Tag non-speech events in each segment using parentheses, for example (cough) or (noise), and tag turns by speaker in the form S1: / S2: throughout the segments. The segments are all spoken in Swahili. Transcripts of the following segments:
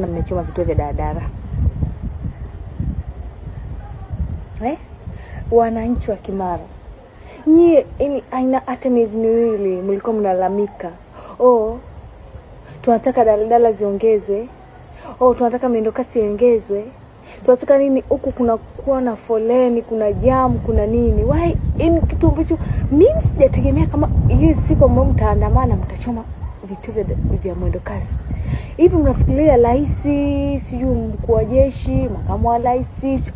S1: maana mmechoma vituo vya daladala eh? Wananchi wa Kimara nyie, aina hata miezi miwili mlikuwa mnalalamika oh, tunataka daladala ziongezwe, oh, tunataka miendokasi iongezwe, tunataka nini huku, kunakuwa na foleni, kuna jamu, kuna nini wai, kitu ambacho mimi sijategemea kama hii siku ambayo mtaandamana mtachoma vituo vya mwendokasi Hivi mnafikiria rais, sijui mkuu wa jeshi, makamu wa rais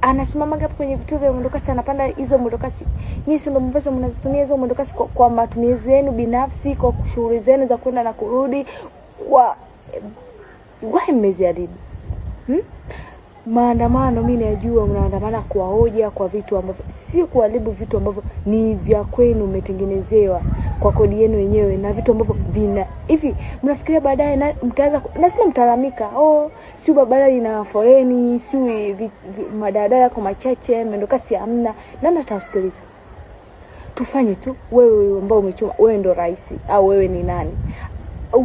S1: anasimama ngapi kwenye vituo vya mwendokasi? Anapanda hizo mwendokasi, nyinyi si ndio mnazitumia hizo mwendokasi kwa, kwa matumizi yenu binafsi, kwa shughuli zenu za kwenda na kurudi kwa why mmeziadidi hmm? maandamano mimi najua mnaandamana kwa hoja, kwa vitu ambavyo si kuharibu, vitu ambavyo ni vya kwenu, umetengenezewa kwa kodi yenu wenyewe, na vitu ambavyo vina hivi. Mnafikiria baadaye na mtaanza nasema, mtalalamika, oh, si barabara ina foreni, si madaladala yako machache, mwendokasi hamna. Nani atasikiliza? Tufanye tu, wewe ambao umechoma, wewe ndo rais au wewe ni nani?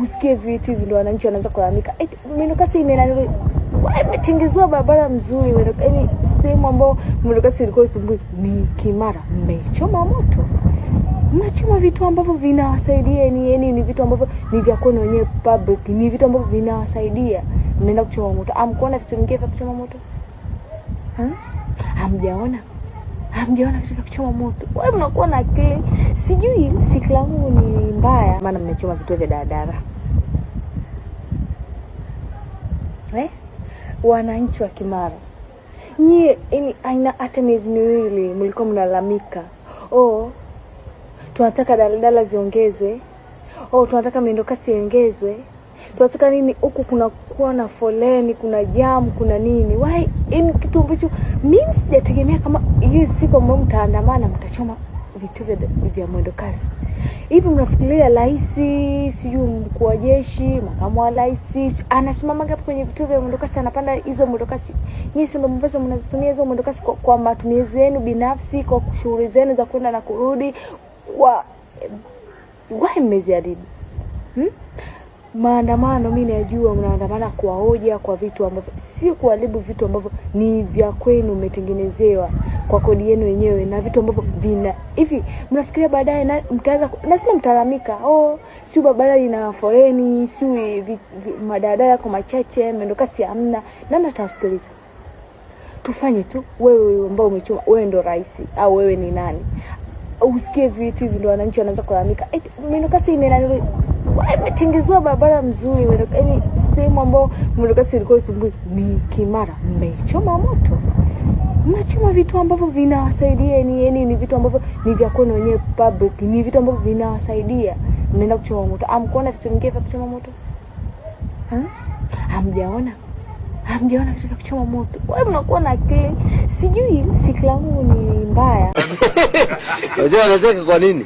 S1: Usikie vitu hivi, ndo wananchi wanaanza kulalamika, mwendokasi imenani imetengezwa yaani barabara mzuri, yaani sehemu ambayo mwendokasi ilikuwa isumbui ni Kimara, mmechoma moto mnachoma vitu ambavyo vinawasaidia ni yaani, yani, ni vitu ambavyo ni vya kwenu wenyewe public, ni vitu ambavyo vinawasaidia, mnaenda kuchoma moto. Amkuona vitu vingine vya kuchoma moto Amjaona, amjaona vitu vya kuchoma moto? Wewe mnakuwa na akili, sijui fikra yangu ni mbaya, maana mmechoma vitu vya daladala eh? wananchi wa Kimara, nyie aina hata miezi miwili mlikuwa mnalalamika oh, tunataka daladala ziongezwe, oh, tunataka miendokasi iongezwe, tunataka nini huku, kunakuwa na foleni, kuna jamu, kuna nini wai, ni kitu ambacho mimi sijategemea kama hii siku ambayo mtaandamana mtachoma vituo vya mwendokasi. Hivi mnafikiria rais, sijui mkuu wa jeshi, makamu wa rais anasimama hapo kwenye vituo vya mwendokasi, anapanda hizo mwendokasi? Nyinyi ndio Mombasa mnazitumia hizo mwendokasi kwa, kwa matumizi yenu binafsi, kwa shughuli zenu za kwenda na kurudi, kwa wahi mmeziaribu hmm? maandamano mimi najua mnaandamana kwa hoja, kwa vitu ambavyo si kuharibu, vitu ambavyo ni vya kwenu, umetengenezewa kwa kodi yenu wenyewe, na vitu ambavyo vina hivi, mnafikiria baadaye na mtaanza nasema, mtalalamika oh, si barabara ina foreni, si madaladala yako machache, mwendokasi hamna. Nani atasikiliza? Tufanye tu wewe, ambao umechuma wewe, ndo rais au wewe ni nani? Usikie vitu hivi, ndo wananchi wanaanza kulalamika, mwendokasi imenani imetengezewa barabara mzuri, yaani sehemu ambayo mwendokasi ilikuwa isumbui. Ni Kimara, mmechoma moto, mnachoma vitu ambavyo vinawasaidia, yani ni vitu ambavyo ni vya kwenu wenyewe public, ni vitu ambavyo vinawasaidia, mnaenda kuchoma moto. Amkuona vitu vingine vya kuchoma moto? Hamjaona? Hamjaona vitu vya kuchoma moto? Wewe mnakuwa na akili, sijui fikra yangu ni mbaya.
S2: (laughs) Unajua anacheka kwa nini?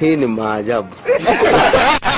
S2: Hii ni maajabu. (laughs)